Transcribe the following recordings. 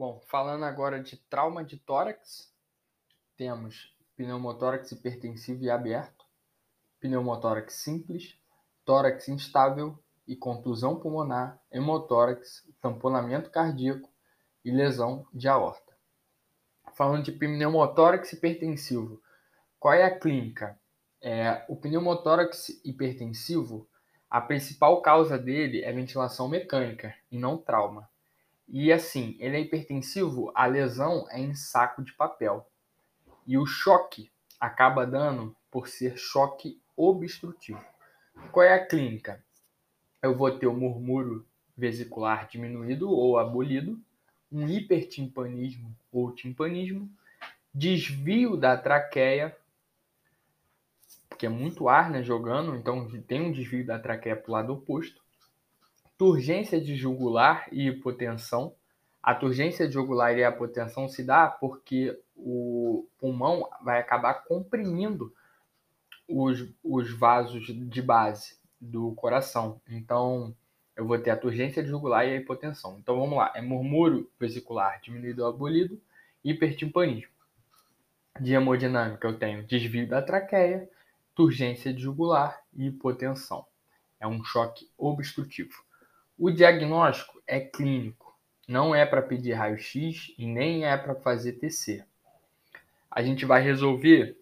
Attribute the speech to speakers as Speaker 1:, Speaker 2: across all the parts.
Speaker 1: Bom, falando agora de trauma de tórax, temos pneumotórax hipertensivo e aberto, pneumotórax simples, tórax instável e contusão pulmonar, hemotórax, tamponamento cardíaco e lesão de aorta. Falando de pneumotórax hipertensivo, qual é a clínica? É, o pneumotórax hipertensivo, a principal causa dele é ventilação mecânica e não trauma. E assim, ele é hipertensivo, a lesão é em saco de papel. E o choque acaba dando por ser choque obstrutivo. Qual é a clínica? Eu vou ter o murmúrio vesicular diminuído ou abolido, um hipertimpanismo ou timpanismo, desvio da traqueia, porque é muito ar né, jogando, então tem um desvio da traqueia para o lado oposto, turgência de jugular e hipotensão. A turgência de jugular e a hipotensão se dá porque o pulmão vai acabar comprimindo os, os vasos de base do coração. Então, eu vou ter a turgência de jugular e a hipotensão. Então, vamos lá. É murmúrio vesicular diminuído ou abolido, hipertimpanismo. De hemodinâmica, eu tenho desvio da traqueia, turgência de jugular e hipotensão. É um choque obstrutivo. O diagnóstico é clínico, não é para pedir raio-x e nem é para fazer TC. A gente vai resolver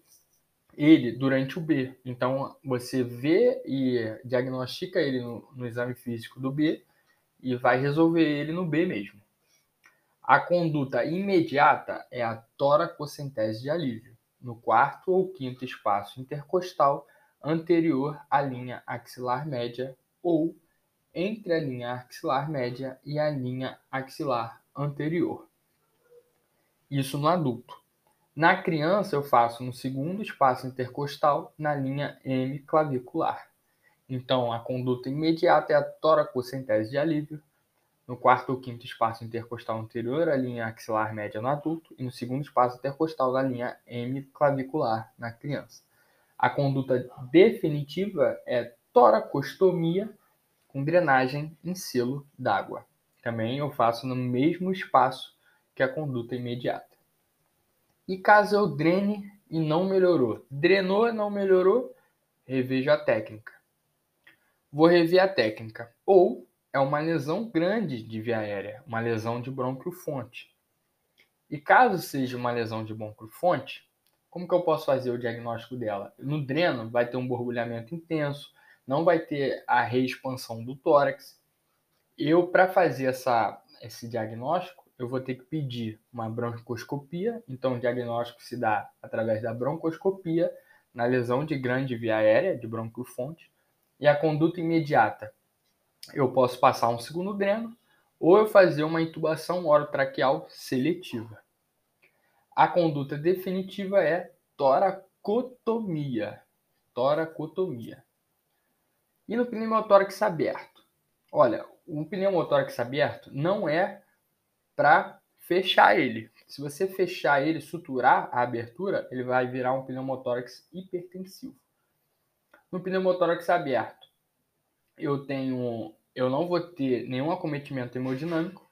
Speaker 1: ele durante o B. Então, você vê e diagnostica ele no, no, exame físico do B e vai resolver ele no B mesmo. A conduta imediata é a toracocentese de alívio, no quarto ou quinto espaço intercostal anterior à linha axilar média ou entre a linha axilar média e a linha axilar anterior. Isso no adulto. Na criança, eu faço no segundo espaço intercostal, na linha M clavicular. Então, a conduta imediata é a toracocentese de alívio. No quarto ou quinto espaço intercostal anterior, a linha axilar média no adulto. E no segundo espaço intercostal, na linha M clavicular, na criança. A conduta definitiva é toracostomia com drenagem em selo d'água. Também eu faço no mesmo espaço que a conduta imediata. E caso eu drene e não melhorou, drenou e não melhorou, revejo a técnica. Vou rever a técnica. Ou é uma lesão grande de via aérea, uma lesão de bronquiofonte. E caso seja uma lesão de bronquiofonte, como que eu posso fazer o diagnóstico dela? No dreno vai ter um borbulhamento intenso, não vai ter a reexpansão do tórax. Eu, para fazer essa, esse diagnóstico, eu vou ter que pedir uma broncoscopia. Então, o diagnóstico se dá através da broncoscopia na lesão de grande via aérea, de bronquiofonte, e a conduta imediata. Eu posso passar um segundo dreno ou eu fazer uma intubação orotraqueal seletiva. A conduta definitiva é toracotomia. Toracotomia. E no pneumotórax aberto? Olha, um pneumotórax aberto não é para fechar ele. Se você fechar ele, suturar a abertura, ele vai virar um pneumotórax hipertensivo. No pneumotórax aberto, eu tenho, eu não vou ter nenhum acometimento hemodinâmico.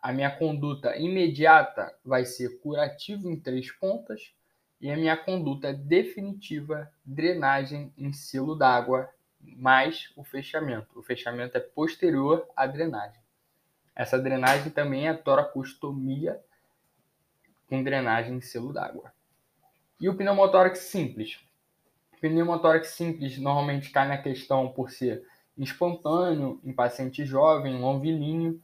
Speaker 1: A minha conduta imediata vai ser curativa em três pontas e a minha conduta definitiva, drenagem em selo d'água mais o fechamento. O fechamento é posterior à drenagem. Essa drenagem também é toracostomia com drenagem em selo d'água. E o pneumotórax simples? O pneumotórax simples normalmente cai na questão por ser espontâneo, em paciente jovem, lonvilíneo,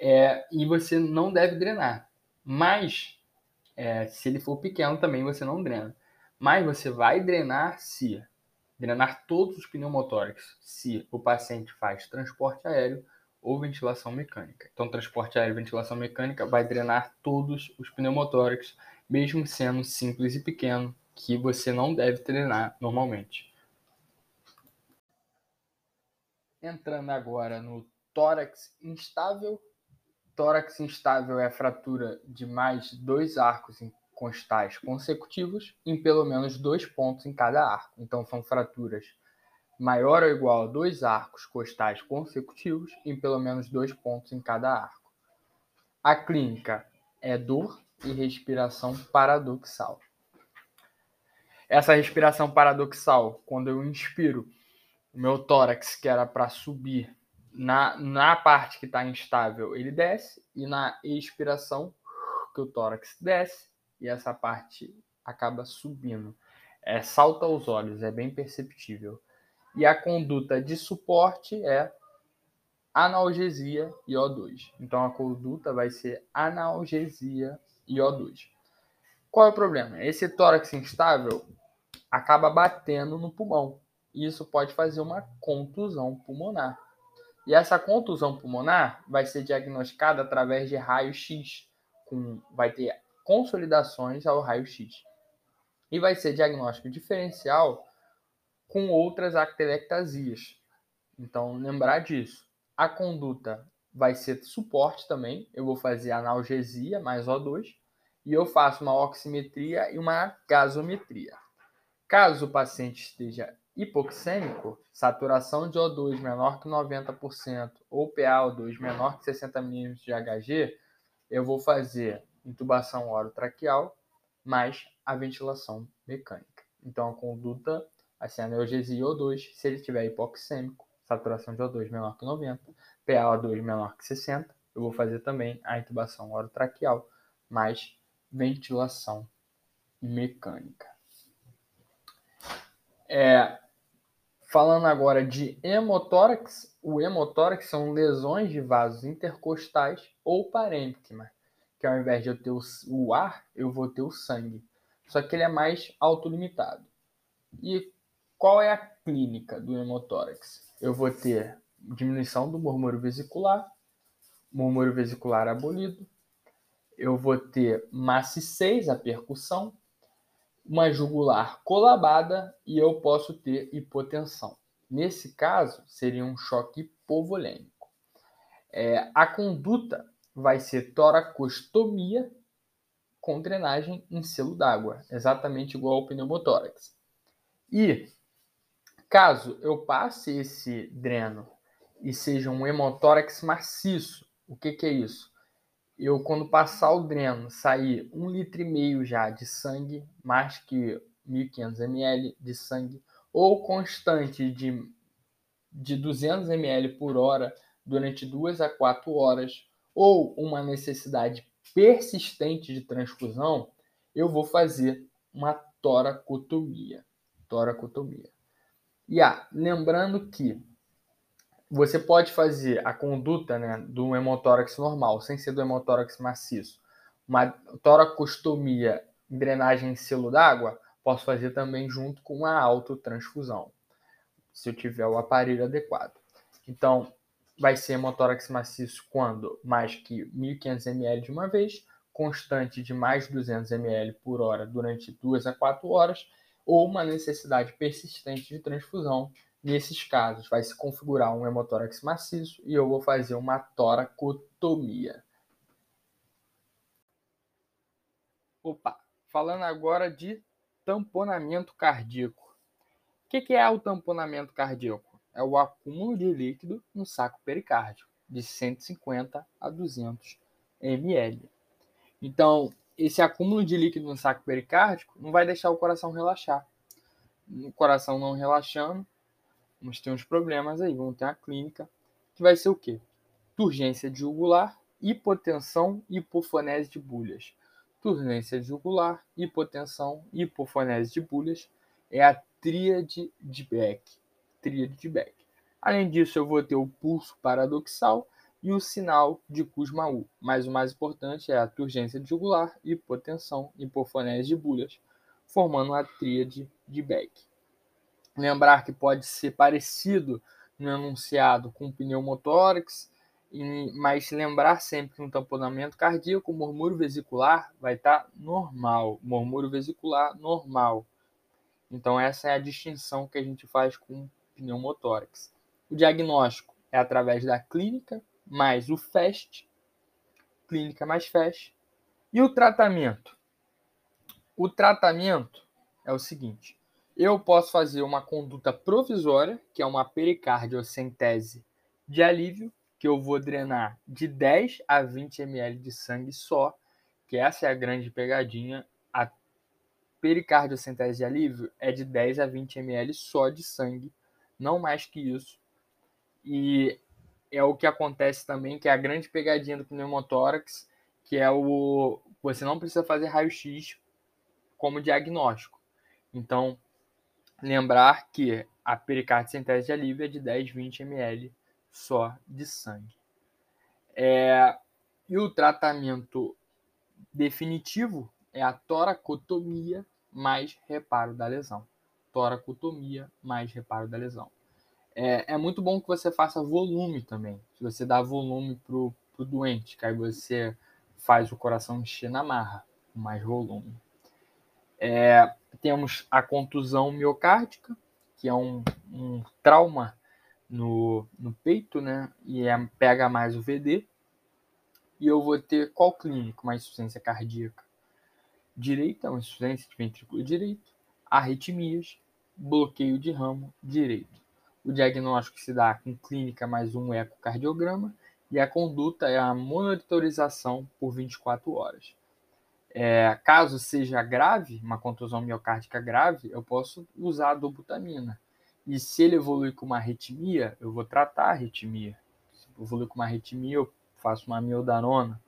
Speaker 1: é, e você não deve drenar. Mas, é, se ele for pequeno também, você não drena. Mas você vai drenar se drenar todos os pneumotórax se o paciente faz transporte aéreo ou ventilação mecânica. Então, transporte aéreo e ventilação mecânica vai drenar todos os pneumotórax, mesmo sendo simples e pequeno, que você não deve treinar normalmente. Entrando agora no tórax instável. Tórax instável é a fratura de mais dois arcos constais consecutivos em pelo menos dois pontos em cada arco. Então, são fraturas maior ou igual a dois arcos costais consecutivos em pelo menos dois pontos em cada arco. A clínica é dor e respiração paradoxal. Essa respiração paradoxal, quando eu inspiro, o meu tórax, que era para subir na, na parte que está instável, ele desce, e na expiração, que o tórax desce, e essa parte acaba subindo. É, salta aos olhos, é bem perceptível. E a conduta de suporte é analgesia e O2. Então a conduta vai ser analgesia e O2. Qual é o problema? Esse tórax instável acaba batendo no pulmão. E isso pode fazer uma contusão pulmonar. E essa contusão pulmonar vai ser diagnosticada através de raio-x. Vai ter consolidações ao raio-x. E vai ser diagnóstico diferencial com outras actelectasias. Então, lembrar disso. A conduta vai ser suporte também. Eu vou fazer analgesia mais O2 e eu faço uma oximetria e uma gasometria. Caso o paciente esteja hipoxêmico, saturação de O2 menor que 90% ou PaO2 menor que 60 ml de Hg, eu vou fazer intubação orotraqueal mais a ventilação mecânica. Então, a conduta, assim, a neogesia O2, se ele tiver hipoxêmico, saturação de O2 menor que 90, PaO2 menor que 60, eu vou fazer também a intubação orotraqueal mais ventilação mecânica. É, falando agora de hemotórax, o hemotórax são lesões de vasos intercostais ou parênquima, que ao invés de eu ter o ar, eu vou ter o sangue. Só que ele é mais autolimitado. E qual é a clínica do hemotórax? Eu vou ter diminuição do murmúrio vesicular, murmúrio vesicular abolido, eu vou ter massa 6, a percussão, uma jugular colabada e eu posso ter hipotensão. Nesse caso, seria um choque hipovolêmico. É, a conduta vai ser toracostomia com drenagem em selo d'água, exatamente igual ao pneumotórax. E caso eu passe esse dreno e seja um hemotórax maciço, o que, que é isso? Eu, quando passar o dreno, sair um litro e meio já de sangue, mais que 1.500 ml de sangue, ou constante de, de 200 ml por hora durante duas a quatro horas, ou uma necessidade persistente de transfusão, eu vou fazer uma toracotomia. Toracotomia. E ah, lembrando que você pode fazer a conduta né, do hemotórax normal, sem ser do hemotórax maciço. Uma toracostomia, drenagem em selo d'água, posso fazer também junto com a autotransfusão, se eu tiver o aparelho adequado. Então, vai ser hemotórax maciço quando mais que 1.500 ml de uma vez, constante de mais 200 ml por hora durante 2 a 4 horas, ou uma necessidade persistente de transfusão. Nesses casos, vai se configurar um hemotórax maciço e eu vou fazer uma toracotomia. Opa, falando agora de tamponamento cardíaco. O que, que é o tamponamento cardíaco? é o acúmulo de líquido no saco pericárdico, de 150 a 200 ml. Então, esse acúmulo de líquido no saco pericárdico não vai deixar o coração relaxar. O coração não relaxando, vamos ter uns problemas aí, vamos ter uma clínica, que vai ser o quê? Turgência jugular, hipotensão e hipofonese de bulhas. Turgência jugular, hipotensão e hipofonese de bulhas é a tríade de Beck tríade de Beck. Além disso, eu vou ter o pulso paradoxal e o sinal de Kussmaul. Mas o mais importante é a turgência de jugular, hipotensão, hipofonese de bulhas, formando a tríade de Beck. Lembrar que pode ser parecido no enunciado com pneumotórax, mas lembrar sempre que um tamponamento cardíaco, murmúrio vesicular vai estar tá normal, murmúrio vesicular normal. Então essa é a distinção que a gente faz com pneumotórax. O diagnóstico é através da clínica mais o FAST, clínica mais FAST. E o tratamento? O tratamento é o seguinte: eu posso fazer uma conduta provisória, que é uma pericardiocentese de alívio, que eu vou drenar de 10 a 20 ml de sangue só, que essa é a grande pegadinha. A pericardiocentese de alívio é de 10 a 20 ml só de sangue não mais que isso. E é o que acontece também, que é a grande pegadinha do pneumotórax, que é o você não precisa fazer raio-x como diagnóstico. Então, lembrar que a pericardite sem tese de alívio é de 10, 20 ml só de sangue. É, e o tratamento definitivo é a toracotomia mais reparo da lesão toracotomia mais reparo da lesão. É, é, muito bom que você faça volume também. Se você dá volume pro, pro doente, que aí você faz o coração encher na marra, com mais volume. É, temos a contusão miocárdica, que é um, um trauma no, no peito, né? E é, pega mais o VD. E eu vou ter qual clínico? Uma insuficiência cardíaca direita, uma insuficiência de ventrículo direito arritmias, bloqueio de ramo direito. O diagnóstico se dá com clínica mais um ecocardiograma e a conduta é a monitorização por 24 horas. É, caso seja grave, uma contusão miocárdica grave, eu posso usar a dobutamina. E se ele evoluir com uma arritmia, eu vou tratar a arritmia. Se evoluir com uma arritmia, eu faço uma miodarona.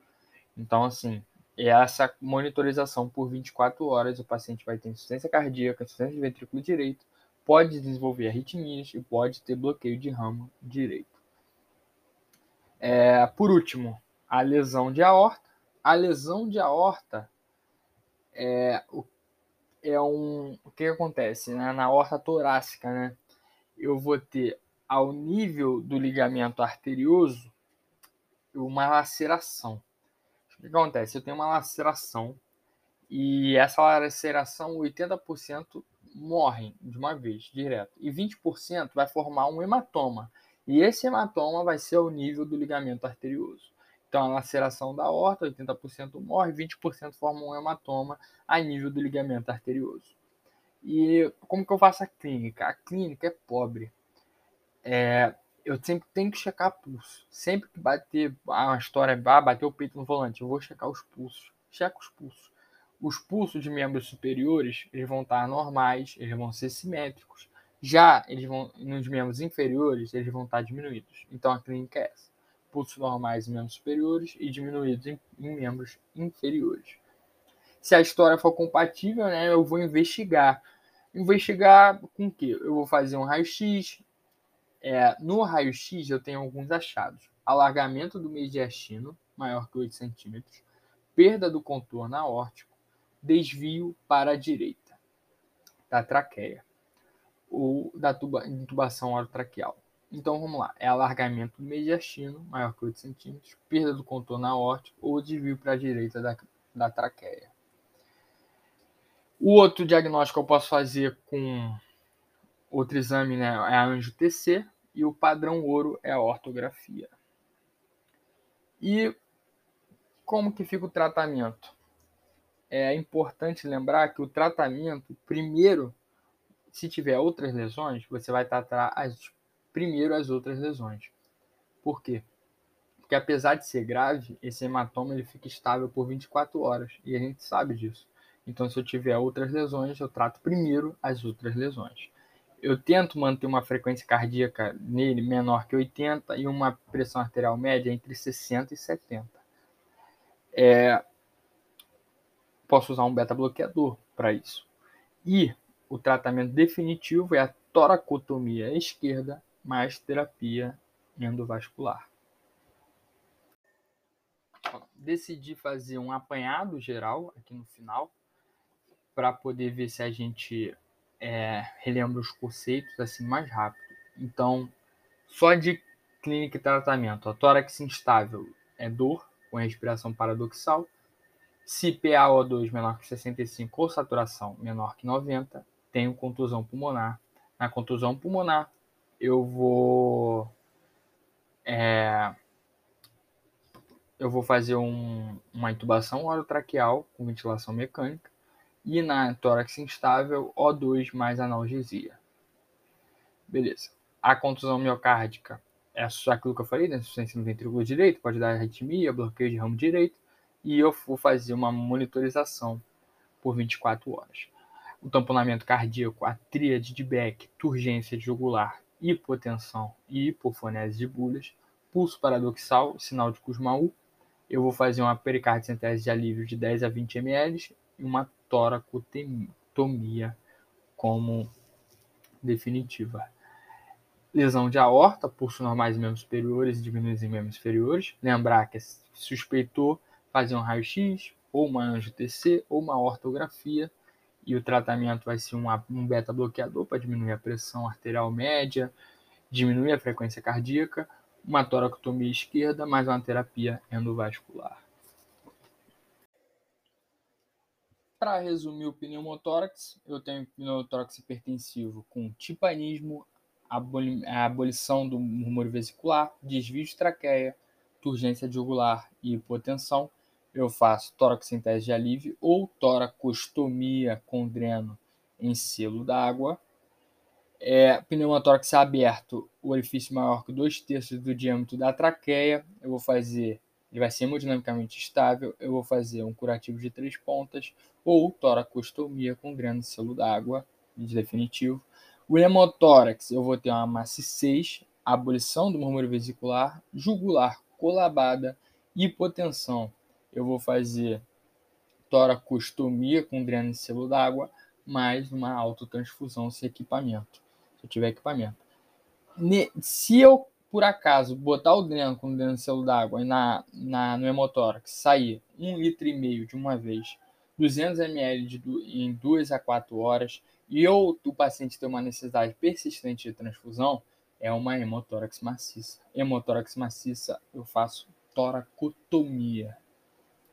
Speaker 1: Então, assim, é essa monitorização por 24 horas, o paciente vai ter insuficiência cardíaca, insuficiência de ventrículo direito, pode desenvolver arritmias e pode ter bloqueio de ramo direito. É, por último, a lesão de aorta. A lesão de aorta é, é um. O que, que acontece? Né? Na aorta torácica, né? Eu vou ter ao nível do ligamento arterioso uma laceração. O que acontece? Eu tenho uma laceração e essa laceração, 80% morrem de uma vez, direto. E 20% vai formar um hematoma. E esse hematoma vai ser o nível do ligamento arterioso. Então, a laceração da horta, 80% morre, 20% forma um hematoma a nível do ligamento arterioso. E como que eu faço a clínica? A clínica é pobre. É, eu sempre tenho que checar pulso. Sempre que bater ah, uma história, ah, bater o peito no volante, eu vou checar os pulsos. checa os pulsos. Os pulsos de membros superiores, eles vão estar normais, eles vão ser simétricos. Já eles vão nos membros inferiores, eles vão estar diminuídos. Então a clínica é essa. Pulsos normais em membros superiores e diminuídos em, em membros inferiores. Se a história for compatível, né, eu vou investigar. Investigar com o quê? Eu vou fazer um raio-x, é, no raio-x, eu tenho alguns achados: alargamento do mediastino, maior que 8 centímetros, perda do contorno aórtico, desvio para a direita da traqueia ou da tuba, intubação orotraqueal. Então vamos lá: é alargamento do mediastino, maior que 8 centímetros, perda do contorno aórtico ou desvio para a direita da, da traqueia. O outro diagnóstico que eu posso fazer com outro exame, né? É a anjo-TC, e o padrão ouro é a ortografia. E como que fica o tratamento? É importante lembrar que o tratamento, primeiro, se tiver outras lesões, você vai tratar as, primeiro as outras lesões. Por quê? Porque apesar de ser grave, esse hematoma ele fica estável por 24 horas e a gente sabe disso. Então, se eu tiver outras lesões, eu trato primeiro as outras lesões eu tento manter uma frequência cardíaca nele menor que 80 e uma pressão arterial média entre 60 e 70. É, posso usar um beta-bloqueador para isso. E o tratamento definitivo é a toracotomia esquerda mais terapia endovascular. Decidi fazer um apanhado geral aqui no final para poder ver se a gente é, relembra os conceitos assim mais rápido. Então, só de clínica e tratamento, a tórax instável é dor com respiração paradoxal, se PaO2 menor que 65 ou saturação menor que 90, tenho contusão pulmonar. Na contusão pulmonar, eu vou é, eu vou fazer um, uma intubação orotraqueal com ventilação mecânica e na tórax instável, O2 mais analgesia. Beleza. A contusão miocárdica é aquilo que eu falei, né? Insuficiência no ventrículo direito, pode dar arritmia, bloqueio de ramo direito. E eu vou fazer uma monitorização por 24 horas. O tamponamento cardíaco, a tríade de Beck, turgência de jugular, hipotensão e hipofonese de bulhas, pulso paradoxal, sinal de Kussmaul. Eu vou fazer uma pericardicentese de alívio de 10 a 20 ml e uma toracotomia como definitiva. Lesão de aorta, pulso normais membros superiores e diminuídos em membros inferiores. Lembrar que é suspeitou fazer um raio-x, ou uma angio-TC ou uma ortografia, e o tratamento vai ser um, um beta-bloqueador para diminuir a pressão arterial média, diminuir a frequência cardíaca, uma toracotomia esquerda, mais uma terapia endovascular. Para resumir o pneumotórax, eu tenho pneumotórax hipertensivo com tipanismo, aboli abolição do murmúrio vesicular, desvio de traqueia, turgência jugular e hipotensão. Eu faço tórax em tese de alívio ou toracostomia com dreno em selo d'água. É, pneumotórax aberto, o orifício maior que 2 terços do diâmetro da traqueia. Eu vou fazer ele vai ser hemodinamicamente estável, eu vou fazer um curativo de três pontas ou toracostomia com selo d'água, de definitivo. O hemotórax, eu vou ter uma massa 6, abolição do murmúrio vesicular, jugular colabada, hipotensão. Eu vou fazer toracostomia com selo d'água, mais uma autotransfusão se equipamento, se eu tiver equipamento. Se eu por acaso botar o dreno com o dreno selo d'água na, na, no hemotórax, sair 1,5 litro e meio de uma vez, 200 ml de, em 2 a 4 horas, e ou o paciente ter uma necessidade persistente de transfusão, é uma hemotórax maciça. Hemotórax maciça, eu faço toracotomia.